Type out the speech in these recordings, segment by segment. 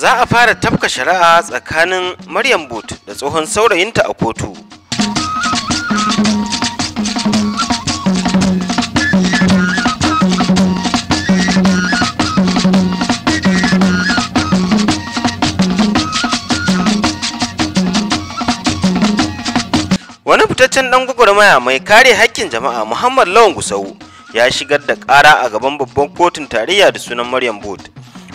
za a fara tafka shari'a tsakanin maryam boot da tsohon saurayinta a kotu wani fitaccen dan gwagwarmaya mai kare haƙƙin jama'a muhammad lawan gusau ya shigar da ƙara a gaban babban kotun tarayya da sunan maryam boot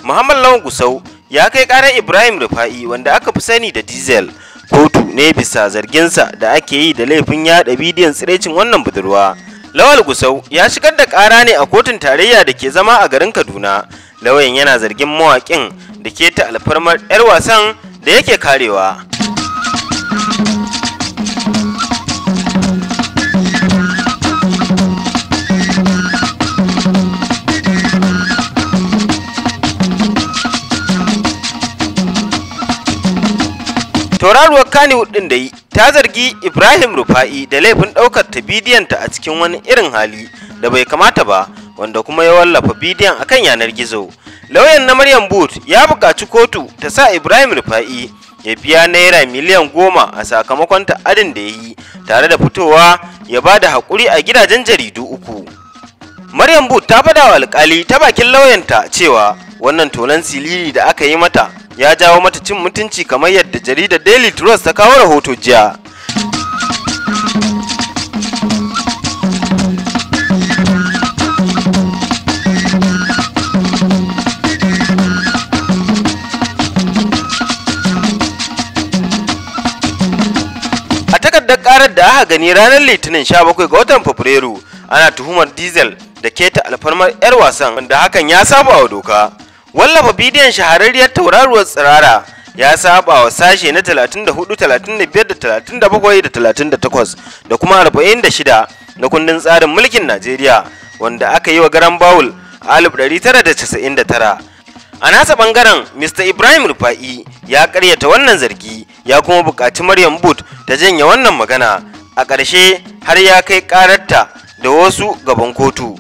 muhammad lawan gusau ya kai ƙarar ibrahim rufa'i wanda aka fi sani da diesel kotu ne bisa zarginsa da ake yi da laifin yaɗa bidiyon tsirecin wannan budurwa lawal gusau ya shigar da ƙara ne a kotun tarayya da ke zama a garin kaduna lawayin yana zargin mawaƙin da ke ta alfarmar 'yar wasan da yake karewa kani ɗin da yi ta zargi Ibrahim Rufa'i da laifin ɗaukar ta bidiyonta a cikin wani irin hali da bai kamata ba wanda kuma ya wallafa bidiyon akan yanar gizo. Lauyan na Maryam Boot ya buƙaci kotu ta sa Ibrahim Rufa'i ya biya naira miliyan goma a sakamakon ta'adin da ya yi tare da fitowa ya ba da haƙuri a gidajen jaridu uku. Maryam Boot ta faɗawa wa alƙali ta bakin lauyanta cewa wannan tonon siliri da aka yi mata ya jawo mata cin mutunci kamar yadda jaridar daily trust ta kawo rahoto jiya a takardar karar da aka gani ranar litinin 17 ga watan fabrairu ana tuhumar diesel da keta alfarmar 'yar wasan da hakan ya saba wa doka wallafa bidiyon shahararriyar tauraruwar tsirara ya saba wa sashe na 34 35 da 37 38 da kuma 46 na kundin tsarin mulkin najeriya wanda aka yi wa garan bawul a 1999 a nasa bangaren mr ibrahim rufa'i ya karyata wannan zargi ya kuma bukaci maryam boot ta janye wannan magana a ƙarshe har ya kai ƙararta da wasu gaban kotu